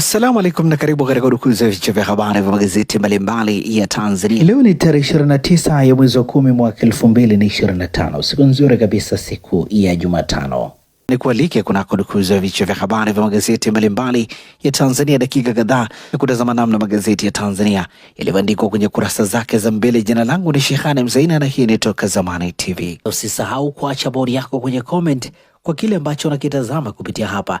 Assalamu alaikum na karibu katika udukuzi ya vichwa vya habari vya magazeti mbalimbali ya Tanzania. Leo ni tarehe 29 ya mwezi wa kumi mwaka 2025. Siku nzuri kabisa, siku ya Jumatano. Ni kualike kunako dukuzi ya vichwa vya habari vya magazeti mbalimbali ya Tanzania, dakika kadhaa ya kutazama namna magazeti ya Tanzania yalivyoandikwa kwenye kurasa zake za mbele. Jina langu ni Shehani Mzaina na hii ni Toka Zamani TV. Usisahau kuacha bodi yako kwenye comment kwa kile ambacho unakitazama kupitia hapa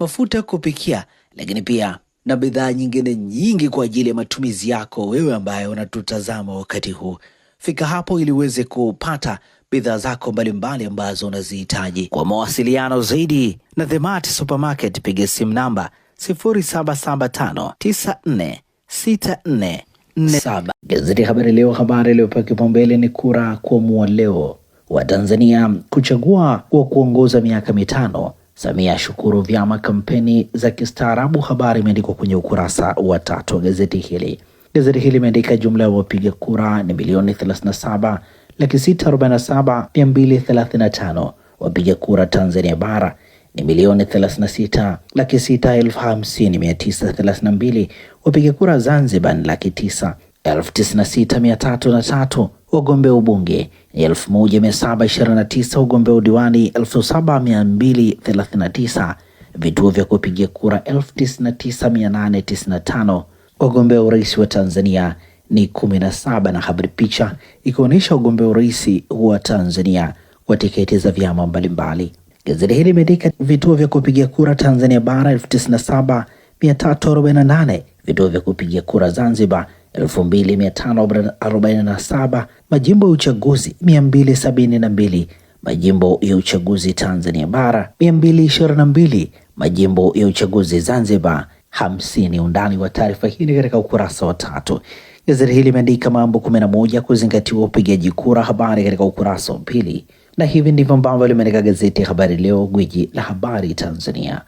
mafuta kupikia, lakini pia na bidhaa nyingine nyingi kwa ajili ya matumizi yako wewe ambaye unatutazama wakati huu. Fika hapo ili uweze kupata bidhaa zako mbalimbali ambazo unazihitaji. Kwa mawasiliano zaidi na The Supermarket, piga simu namba 0775946447. Gazeti ya Habari Leo, habari iliyopewa kipaumbele ni kura kuamua leo, Watanzania kuchagua kwa kuongoza miaka mitano Samia ashukuru vyama kampeni za kistaarabu. Habari imeandikwa kwenye ukurasa wa tatu wa gazeti hili. Gazeti hili imeandika jumla ya wapiga kura ni milioni 37 laki 647 235. Wapiga kura Tanzania bara ni milioni 36 laki 6 elfu 50 932. Wapiga kura Zanzibar ni laki 9 96303 wagombea ubunge 1729 wagombea udiwani 7239 vituo vya kupiga kura 99895 wagombea urais wa Tanzania ni 17 na habari picha ikionyesha wagombea urais wa Tanzania kwa tiketi za vyama mbalimbali. Gazeti hili limeandika vituo vya kupiga kura Tanzania bara 97348 vituo vya kupiga kura Zanzibar 2547 majimbo ya uchaguzi 272 majimbo ya uchaguzi Tanzania bara 222 majimbo ya uchaguzi Zanzibar hamsini. Undani wa taarifa hii ni katika ukurasa wa tatu. Gazeti hili limeandika mambo 11 kuzingatiwa upigaji kura, habari katika ukurasa wa pili, na hivi ndivyo ambavyo limeandika gazeti ya Habari Leo, gwiji la habari Tanzania,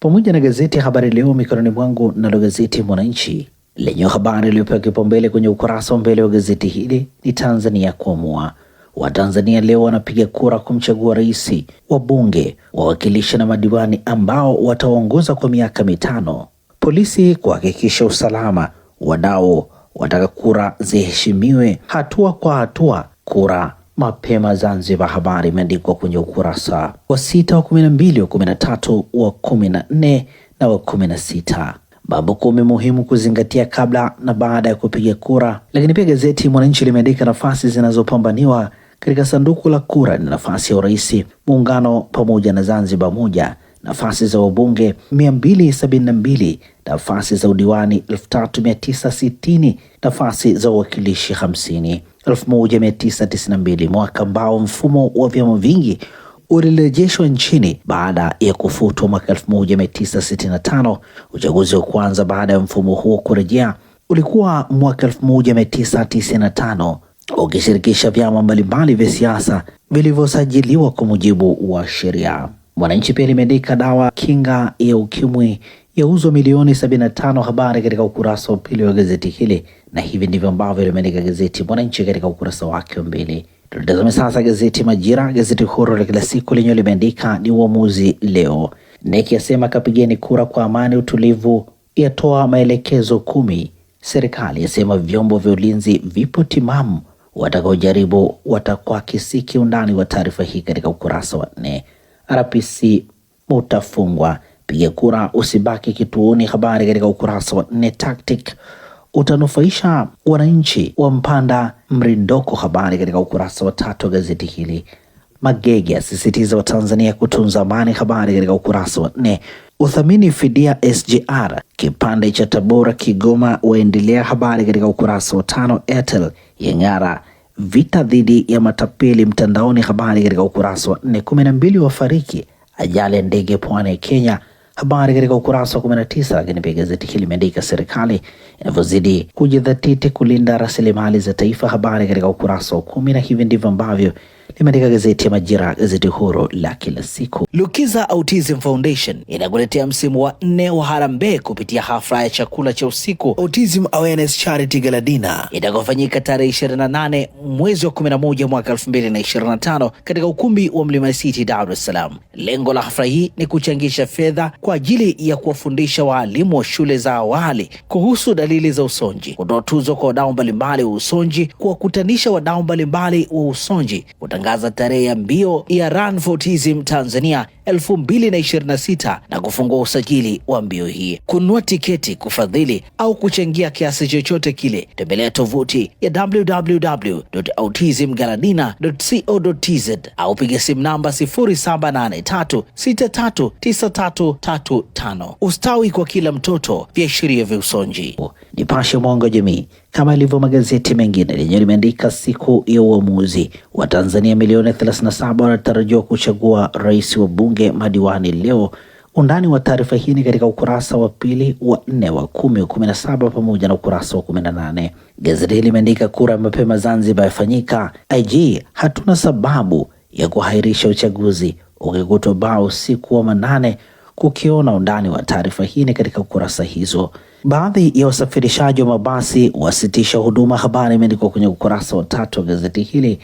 pamoja na gazeti ya Habari Leo mikononi mwangu, nalo gazeti Mwananchi lenye habari iliyopewa kipaumbele kwenye ukurasa wa mbele wa gazeti hili ni Tanzania kuamua. Watanzania leo wanapiga kura kumchagua rais, wabunge, wawakilishi na madiwani ambao wataongoza kwa miaka mitano. Polisi kuhakikisha usalama. Wadau wataka kura ziheshimiwe hatua kwa hatua. Kura mapema Zanzibar, habari imeandikwa kwenye ukurasa wa sita, wa kumi na mbili, wa kumi na tatu, wa kumi na nne na wa kumi na sita mambo kumi muhimu kuzingatia kabla na baada ya kupiga kura. Lakini pia gazeti Mwananchi limeandika nafasi zinazopambaniwa katika sanduku la kura ni nafasi ya urais muungano pamoja na Zanzibar moja, nafasi za wabunge 272, nafasi za udiwani 3960, nafasi za uwakilishi 50, 1992, mwaka ambao mfumo wa vyama vingi ulirejeshwa nchini baada ya kufutwa mwaka 1965. Uchaguzi wa kwanza baada ya mfumo huo kurejea ulikuwa mwaka 1995 ukishirikisha vyama mbalimbali vya siasa vilivyosajiliwa kwa mujibu wa sheria. Mwananchi pia limeandika dawa kinga ya ukimwi yauzwa milioni 75, habari katika ukurasa wa pili wa gazeti hili, na hivi ndivyo ambavyo limeandika gazeti Mwananchi katika ukurasa wake wa mbili. Tutazame sasa gazeti Majira, gazeti huru la kila siku lenyewe limeandika ni uamuzi leo. Neki asema kapigeni kura kwa amani utulivu, yatoa maelekezo kumi. Serikali yasema vyombo vya ulinzi vipo timamu, watakaojaribu kisiki. Undani wa taarifa hii katika ukurasa wa nne. RPC mutafungwa, piga kura usibaki kituoni, habari katika ukurasa wa nne. Tactic utanufaisha wananchi wa Mpanda mrindoko. Habari katika ukurasa wa tatu wa gazeti hili. Magege asisitiza Watanzania kutunza amani. Habari katika ukurasa wa nne. Uthamini fidia SGR kipande cha Tabora Kigoma waendelea. Habari katika ukurasa wa tano. Airtel yang'ara vita dhidi ya matapeli mtandaoni. Habari katika ukurasa wa nne. kumi na mbili wafariki ajali ya ndege pwani ya Kenya. Habari katika ukurasa wa 19. Lakini pia gazeti hili limeandika serikali inavyozidi kujidhatiti kulinda rasilimali za taifa, habari katika ukurasa wa kumi, na hivi ndivyo ambavyo limeandika gazeti ya Majira, gazeti huru la kila siku. Lukiza Autism Foundation inakuletea msimu wa nne wa harambee kupitia hafla ya chakula cha usiku Autism Awareness Charity Gala Dinner itakofanyika tarehe 28 mwezi wa 11 mwaka 2025 katika ukumbi wa Mlima City, Dar es Salaam. Lengo la hafla hii ni kuchangisha fedha kwa ajili ya kuwafundisha waalimu wa shule za awali kuhusu dalili za usonji, kutoa tuzo kwa wadau mbalimbali wa usonji, kuwakutanisha wadau mbalimbali wa usonji Kuta kutangaza tarehe ya mbio ya Run for Autism Tanzania 2026 na kufungua usajili wa mbio hii. Kununua tiketi, kufadhili au kuchangia kiasi chochote kile, tembelea tovuti ya www.autismgaladina.co.tz au piga simu namba 0783639335. Ustawi kwa kila mtoto, viashiria vya usonji. Nipashe Mwanga wa Jamii, kama ilivyo magazeti mengine, lenyewe limeandika siku ya uamuzi wa Tanzania, milioni 37 wanatarajiwa kuchagua rais wa bunge madiwani leo. Undani wa taarifa hii ni katika ukurasa wa pili, wa nne, wa kumi, wa kumi na saba pamoja na ukurasa wa kumi na nane. Gazeti limeandika kura ya mapema Zanzibar yafanyika. IG, hatuna sababu ya kuhairisha uchaguzi ukikutwa bao usiku wa manane Kukiona undani wa taarifa hii ni katika kurasa hizo. Baadhi ya wasafirishaji wa mabasi wasitisha huduma, habari imeandikwa kwenye ukurasa wa tatu wa gazeti hili.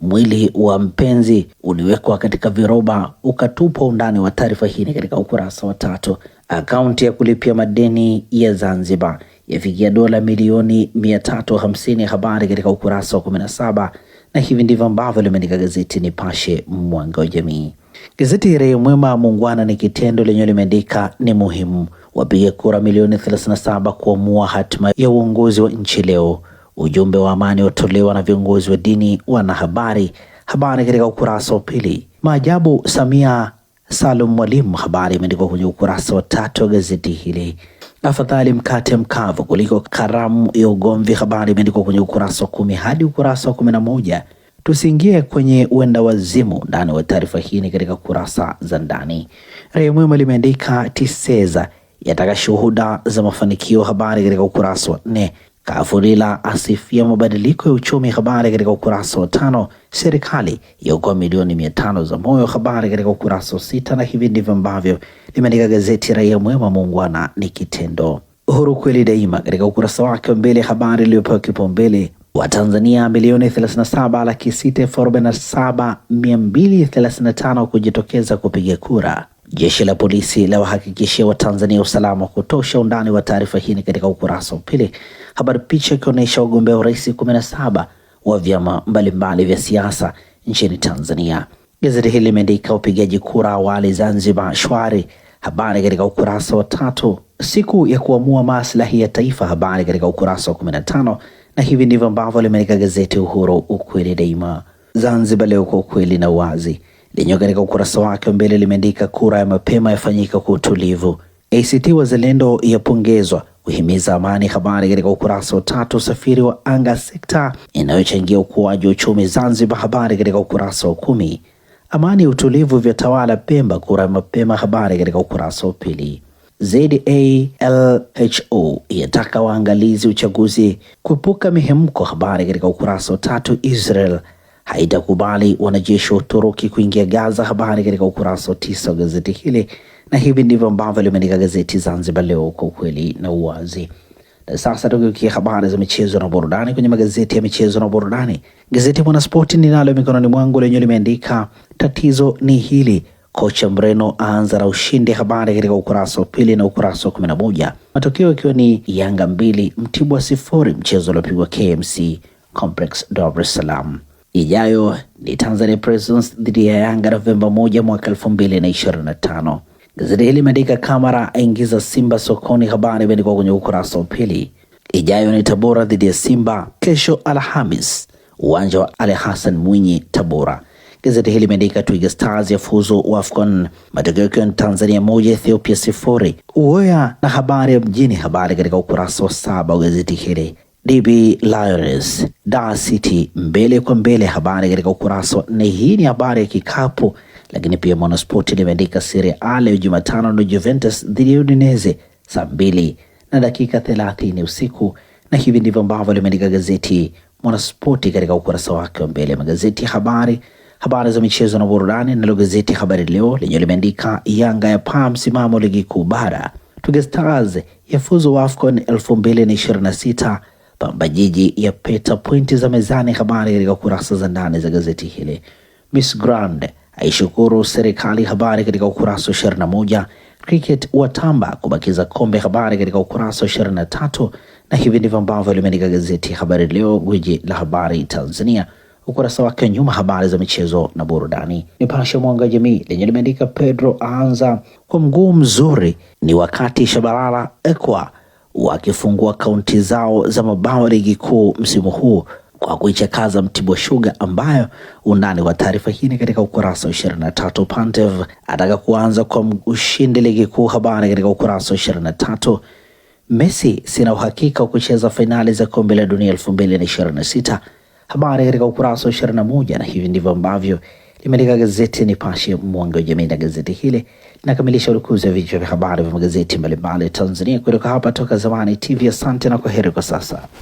Mwili wa mpenzi uliwekwa katika viroba ukatupwa, undani wa taarifa hii ni katika ukurasa wa tatu. Akaunti ya kulipia madeni ya Zanzibar yafikia dola milioni 350, habari katika ukurasa wa 17, na hivi ndivyo ambavyo limeandika gazeti Nipashe, mwanga wa jamii. Gazeti Raia Mwema Muungwana ni kitendo lenye limeandika ni muhimu, wapiga kura milioni 37 kuamua hatima ya uongozi wa nchi leo. Ujumbe wa amani utolewa na viongozi wa dini, wanahabari. Habari katika ukurasa wa pili. Maajabu Samia Salum Mwalimu, habari imeandikwa kwenye ukurasa wa tatu wa gazeti hili. Afadhali mkate mkavu kuliko karamu ya ugomvi, habari imeandikwa kwenye ukurasa wa kumi hadi ukurasa wa kumi na moja. Tusiingie kwenye uenda wazimu. Ndani wa taarifa hii ni katika kurasa za ndani. Raia Mwema limeandika Tiseza yataka shuhuda za mafanikio, habari katika ukurasa wa nne. Kafurila asifia mabadiliko ya uchumi, habari katika ukurasa wa tano. Serikali yaokoa milioni mia tano za moyo, habari katika ukurasa wa sita. Na hivi ndivyo ambavyo limeandika gazeti Raia Mwema, muungwana ni kitendo. Uhuru kweli daima katika ukurasa wake wa mbele, habari iliyopewa kipaumbele Watanzania milioni 37 laki 647,235 kujitokeza kupiga kura. Jeshi la polisi la wahakikishia Watanzania usalama wa kutosha. Undani wa taarifa hii ni katika ukurasa wa pili, habari picha ikionyesha wagombea urais 17 wa vyama mbalimbali vya siasa nchini Tanzania. Gazeti hili limeandika upigaji kura awali Zanzibar shwari, habari katika ukurasa wa tatu. Siku ya kuamua maslahi ya taifa, habari katika ukurasa wa 15 na hivi ndivyo ambavyo limeandika gazeti Uhuru, ukweli daima. Zanzibar Leo, kwa ukweli na uwazi, lenyewe katika ukurasa wake mbele limeandika kura ya mapema yafanyika kwa utulivu, ACT Wazalendo yapongezwa kuhimiza amani. Habari katika ukurasa wa tatu. Usafiri wa anga, sekta inayochangia ukuaji wa uchumi Zanzibar. Habari katika ukurasa wa kumi. Amani, utulivu vya tawala Pemba, kura ya mapema. Habari katika ukurasa wa pili. ZALHO yataka waangalizi uchaguzi kuepuka mihemko. Habari katika ukurasa wa tatu. Israel haitakubali wanajeshi wa Uturuki kuingia Gaza. Habari katika ukurasa wa tisa wa gazeti hili, na hivi ndivyo ambavyo limeandika gazeti Zanzibar Leo, kwa ukweli na uwazi. Na sasa tukiukia habari za michezo na burudani kwenye magazeti ya michezo na burudani, gazeti ya Mwanaspoti ninalo mikononi mwangu lenyewe limeandika tatizo ni hili kocha Mreno aanza na ushindi. Habari katika ukurasa wa pili na ukurasa wa kumi na moja matokeo ikiwa ni Yanga mbili Mtibwa sifuri mchezo uliopigwa KMC Complex Dar es Salaam. Ijayo ni Tanzania Prisons dhidi ya Yanga Novemba moja mwaka elfu mbili na ishirini na tano. Gazeti hili limeandika Kamara aingiza Simba sokoni, habari imeandikwa kwenye ukurasa wa pili. Ijayo ni Tabora dhidi ya Simba kesho Alhamis, uwanja wa Ali Hassan Mwinyi Tabora. Gazeti hili limeandika Twiga Stars ya fuzu AFCON, matokeo yake Tanzania moja Ethiopia sifuri. Uoya na habari ya mjini, habari katika ukurasa wa saba wa gazeti hili. DB Lions da City mbele kwa mbele, habari katika ukurasa wa nne. Hii ni habari ya kikapu, lakini pia Mwanaspoti limeandika Serie A leo Jumatano na Juventus dhidi ya Udinese saa mbili na dakika thelathini usiku, na hivi ndivyo ambavyo limeandika gazeti Mwanaspoti katika ukurasa wake wa mbele magazeti ya habari Habari za michezo na burudani, nalo gazeti Habari Leo lenye limeandika Yanga ya paa msimamo ligi kuu bara, Twiga Stars yafuzu AFCON 2026 Pamba Jiji ya peta pointi za mezani. Habari katika kurasa za ndani za gazeti hili. Miss Grand aishukuru serikali. Habari katika ukurasa wa 21. Cricket watamba kubakiza kombe. Habari katika ukurasa wa 23. Na hivi ndivyo ambavyo limeandika gazeti Habari Leo, gwiji la habari Tanzania ukurasa wake nyuma, habari za michezo na burudani. Nipashe Mwanga Jamii lenye limeandika Pedro aanza kwa mguu mzuri, ni wakati Shabalala Ekwa wakifungua kaunti zao za mabao ligi kuu msimu huu kwa kuichakaza Mtibwa Sugar, ambayo undani wa taarifa hii ni katika ukurasa wa tatu. Pantev ataka kuanza kwa ushindi ligi kuu, habari katika ukurasa wa tatu Messi, sina uhakika wa kucheza fainali za kombe la dunia 2026 habari katika ukurasa wa ishirini na moja na hivi ndivyo ambavyo limeandika gazeti Nipashe mwanga wa jamii, na gazeti hili linakamilisha urukuzi wa vichwa vya habari vya magazeti mbalimbali Tanzania kutoka hapa Toka Zamani TV. Asante na kwaheri kwa sasa.